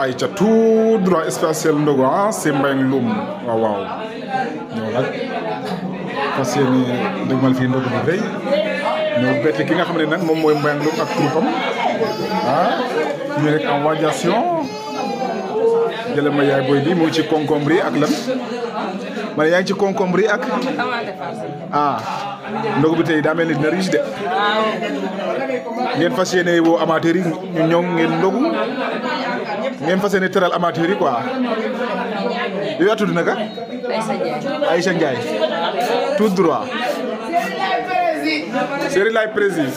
ay ca tout droit spécial ndogu ah si Mbayang Loum waaw waaw ñëw nag fas yéene dëgmal fii ndogu bi rëy ñëw bette ki nga xam ne nag moom mooy Mbayang Loum ak troupam ah ñu rek en radiation jële ma yaay booy bi mu ci concombre ak lan ma ne yaa ngi ci concombre ak ah ndogu bi tey daa mel ni dina riche de ngeen fas yéene woo amateur ñu ñëw ngeen ndogu ngeen fas yéene tëral amateur yi quoi yow yaa tudd naka. Aïcha Ndiaye Aïcha Ndiaye tout droit. Serigne Laye président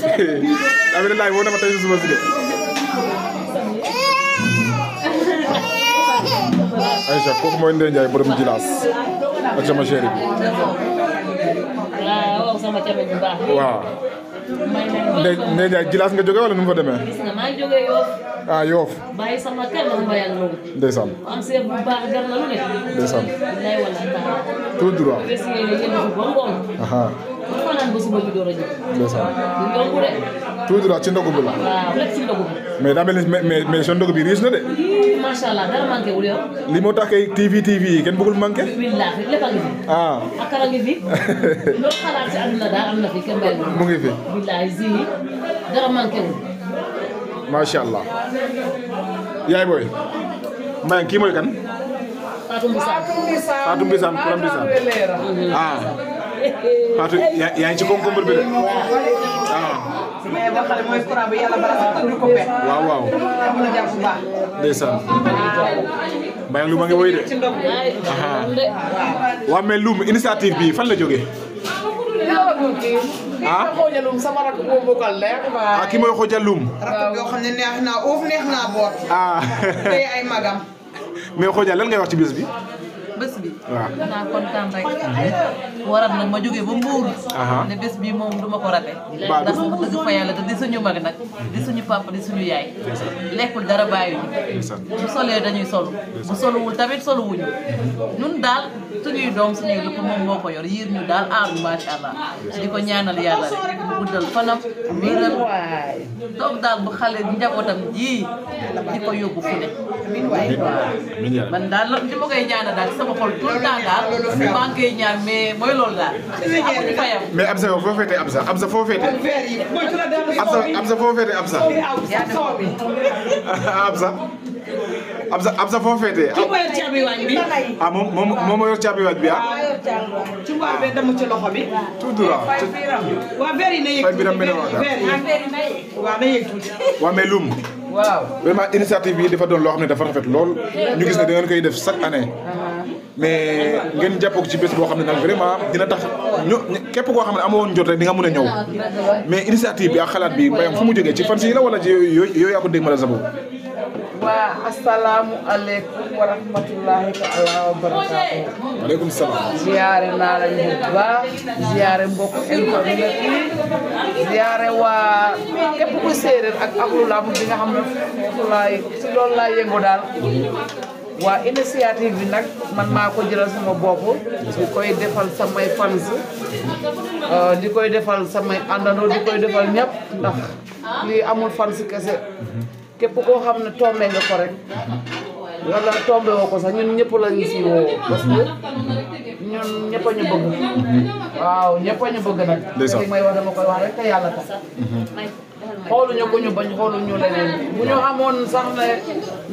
Amady Laye woo na ma tey suba si de. Aïcha kooku mooy Ndeye Ndiaye borom Jilaas ak sama chéri bi. waaw. Ndeye Ndeye Ndiaye Jilaas nga jóge wala nu mu fa demee. ah Yoof. bàyyi sama ci ndogu bi mais daa mel ni mais mais sa ndogu mu ngi fi. wallaahi allah. yaay booy. Mbaye kii mooy kan. Fatou Mbissane Fatou Mbissane Fatou Mbissane. ah. Fatou yaa ci concombre bi de ah. mais boo waaw waaw. am na jàpp bu a ngi woy de. waaw mais Loum initiative bi fan la jógee. ah. ah ki mooy Khoudia Loum. rakk yoo ah. lan ngay wax ci bés bi. bés bi ah. naa kontaan rek waral nag ma jógee ba mbuur ne bés bi moom du ko rate ndax wax dëgg fa yàlla te di suñu mag nag di suñu papa di suñu yaay lekkul dara bàyyiwuñu bu solee dañuy solu bu tamit mhm. nun dal suñuy doom suñuy yor ñu allah di ñaanal yàlla rek guddal fanam biiral doom daal bu xale njabootam di ko fu ne man daal la di ma koy ñaanal sama sama xol maa ngi koy ñaan mais mooy loolu daal amuñu fayam mais Absa yow foo féetee Absa Absa foo féetee Absa Absa Absa foo féetee. ah moom moom moom moo yor caabi waaj bi ah. ah ci mboq bi dem ci loxo bi. tout droit. waaw verre yi na yëg tuuti verre yi waaw mais Loum. waaw vraiment initiative yi dafa doon loo xam ne dafa rafet lool. ñu gis ne da koy def chaque année. mais ngeen jàppoo ci bés boo xam ne nag vraiment dina tax ñu képp koo xam ne amoon jot rek di mën a ñëw mais initiative bi ak xalaat bi mbayam fu mu jógee ci fan si la wala ji yooyu yooyu yaa ma la sa bopp wa assalamu aleykum wa rahmatullahi taala wa barakatuh mbokk internet yi ziyaare waa képp ku ak axlu lamb bi nga xam ne fu laay si loolu laa yëngu initiative bi nag man maa ko sama bopp di koy defal fans euh, di koy defal samay àndandoo di koy defal ndax lii amul fans kese képp koo xam ne tombé nga ko rek wala tombé woo ko sax ñun ñëpp lañu si woo parce que ñun ñëpp ñu bëgg waaw ñëpp ñu bëgg nag li may a dama koy wax rek te yàlla tax xooluñu ku ñu bañ xooluñu leneen bu ñu amoon sax noon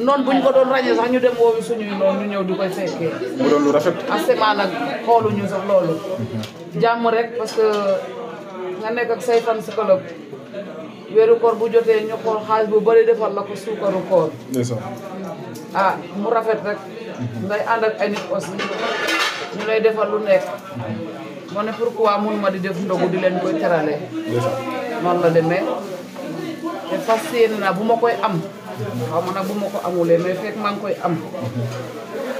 noonu buñ ko doon ràññee sax ñu dem woowi suñuy noonu ñëw di koy fekkee mu doon lu rafet ah, asema nag xooluñu sax loolu mhm. jàmm rek parce que nga nekk ak say fan si club weeru koor bu jotee ñu xool xaalis bu bëri defal la ko suukaru koor ah mu rafet rek ngay mhm. ànd ak ay nit aussi ñu lay defal lu nekk mhm. ma ne pourquoi mun ma di def ndogu di leen koy terale noonu la demee te fas yéene naa bu ma koy am mhm. xaw ma nag bu ma ko amulee mais fekk maa ngi koy am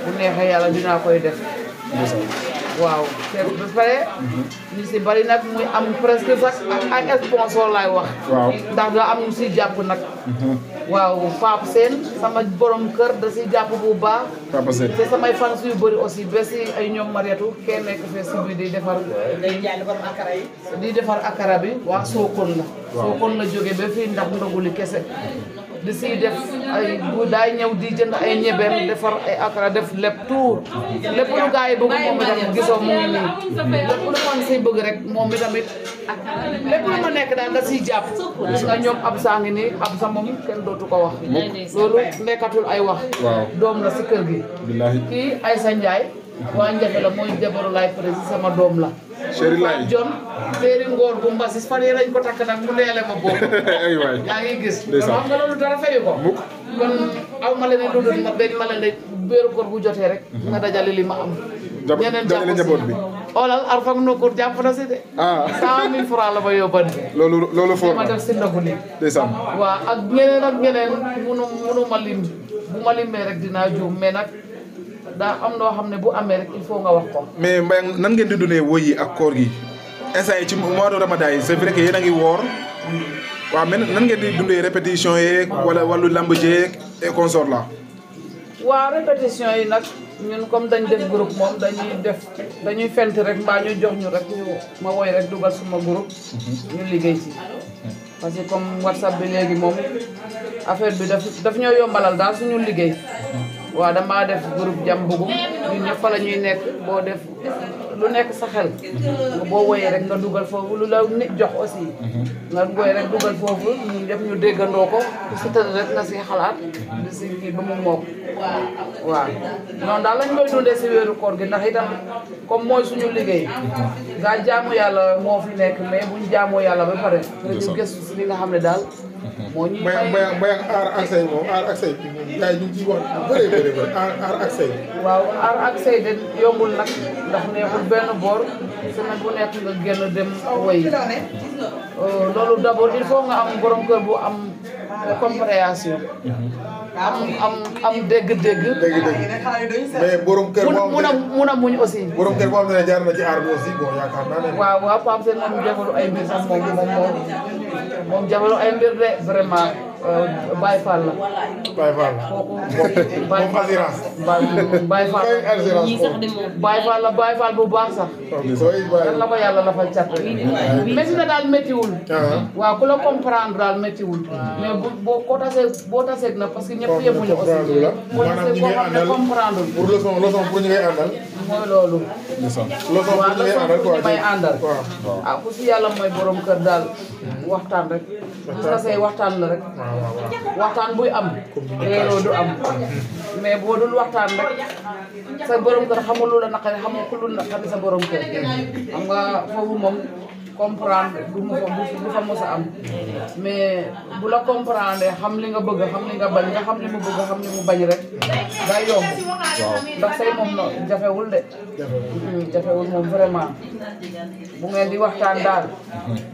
bu neexee yàlla dinaa koy def waaw te ba pare. ñu si bari nag muy am presque sax ak ay sponsor laay wax. waaw ndax da am si jàpp nag. Mhm. waaw Pape Sène sama borom kër da si jàpp bu baa Pape Sène te samay fans yu bëri aussi ba si ay ñoom Mariatu kenn nekk fee si di defar. day jaay defar akara yi. di defar akara bi waa Sokone la. waaw Sokone la jógee ba ndax ndoguli kese. di siy def ay daay ñëw di jënd ay ñebeem defar ay akara def lépp tuur lépp lu gars yi bëgg moom itam gisoo mu nii lépp lu bëgg rek moom itamit lépp lu ma nekk daal da siy jàpp nga ñoom ab saa ngi nii ab sa moom kenn dootu ko wax loolu nekkatul ay wax doom la si kër gi kii Aysa Njaay waa Njafe la mooy jabaru laay prési sama doom la Serigne Laye John téeri ngoor bu mbasis fan yii lañ ko takk nag mu neele ma bokk. aywaay yaa ngi gis. dëgg xam nga loolu dara fayu ko. mukk kon aw benn ma leen rek weeru mhm. nga dajale li ma am. ñeneen bi. olal arfak nokkur jàpp na si de. ah cent mille ma yóbbante. loolu loolu ma def si ndogu li. ndeysaan waaw ak ñeneen ak ñeneen munu munu bu ma limee rek dinaa juum mais nag. da am loo xamne bu amé rek il faut nga wax ko. mais mbay nan ngeen di donné woy yi ak koor gi instant yi ci mois de ramadan c'est vrai que yéen ngi wor wa men nan ngeen di dundé répétition yeeg wala walu lamb jé et consort la. wa répétition yi nak ñun comme dañ def groupe mom dañuy def dañuy fent rek mba ñu jox ñu rek ñu ma woy rek dugal suma groupe. Mhm. ñu liggéey ci. parce que comme whatsapp bi légui mom affaire bi daf daf ñoo yombalal da suñu liggéey. Mhm. waaw damaa def groupe jam bugum ñun ñëpp fa la ñuy nekk boo def lu nekk sa xel boo woyee rek nga dugal foofu lu la nit jox aussi nga woy rek dugal foofu ñun ñëpp déggandoo ko su tëdd rek nga si xalaat di si kii ba mu mook waaw noonu daal lañ koy dundee si wéeru koor gi ndax itam comme mooy suñu liggéey nga jaamu yàlla moo fi nekk mais buñ jaamoo yàlla ba pare dañu gëstu si li xam ne daal moo ñuy maye maye maye aar ak moom aar ak say gars yi ñu ngi ciy wax bëree bëri bëri aar aar ak say. waaw aar ak say de yombul nag ndax ne benn boor semaine bu nekk nga génn dem woy euh, loolu d'abord il faut nga am borom kër bu am euh, compréhension. Mhm. am am dégg-dégg. dégg-dégg mais borom kër boo mun a a muñ aussi. borom kër boo xam ne jaar na ci aar bi aussi bon yaakaar naa ne. waaw waaw Pape Sène moom jabalu ay mbir sax moom moom moom ay mbir de vraiment. Euh, Baye Fall la. Baye Fall la kooku. moom assurance. Baye Fall Baye Fall la Baye Fall bu baax sax. dan ko yàlla la fay càpp. métti na daal méttiwul. Ah, ah. waaw ku la comprendre daal méttiwul. mais boo ko tasee boo taseeg na parce que ñëpp yemuñu aussi. comprendre la maanaam ñi ngay àndal comprendre. pour leçon leçon pour ñi ngay àndal. mooy loolu. waaw leçon may àndal waaw ku si yàlla mooy borom kër daal waxtaan rek gis nga say waxtaan la rek waxtaan buy am réeroo du am mais boo dul waxtaan rek sa borom kër xamul lu la sa borom kër xam nga foofu moom comprendre du mu fa du fa mos a am mais bu la comprendre xam li nga bëgg xam li nga bañ nga xam li mu bëgg xam li mu bañ rek day yomb ndax say moom no jafewul de hmm, jafewul moom vraiment bu ngeen di waxtaan daal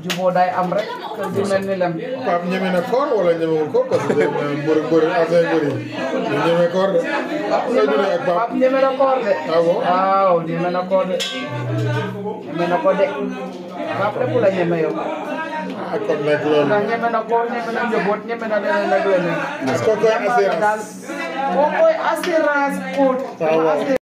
juboo day am rek kër gi mel ni lem Pape ñeme na koor wala ñemewul koor parce que mbër mbër affaire mbër yi ñeme koor de ah, Pape ñeme na koor de ah, waaw ñeme na koor de ñeme na ko de Pape rek la ñeme yow ah, ak kon nag loolu ndax ñeme na koor ñeme na njaboot ñeme na leneen ak leneen daal Okoy, as the rice put.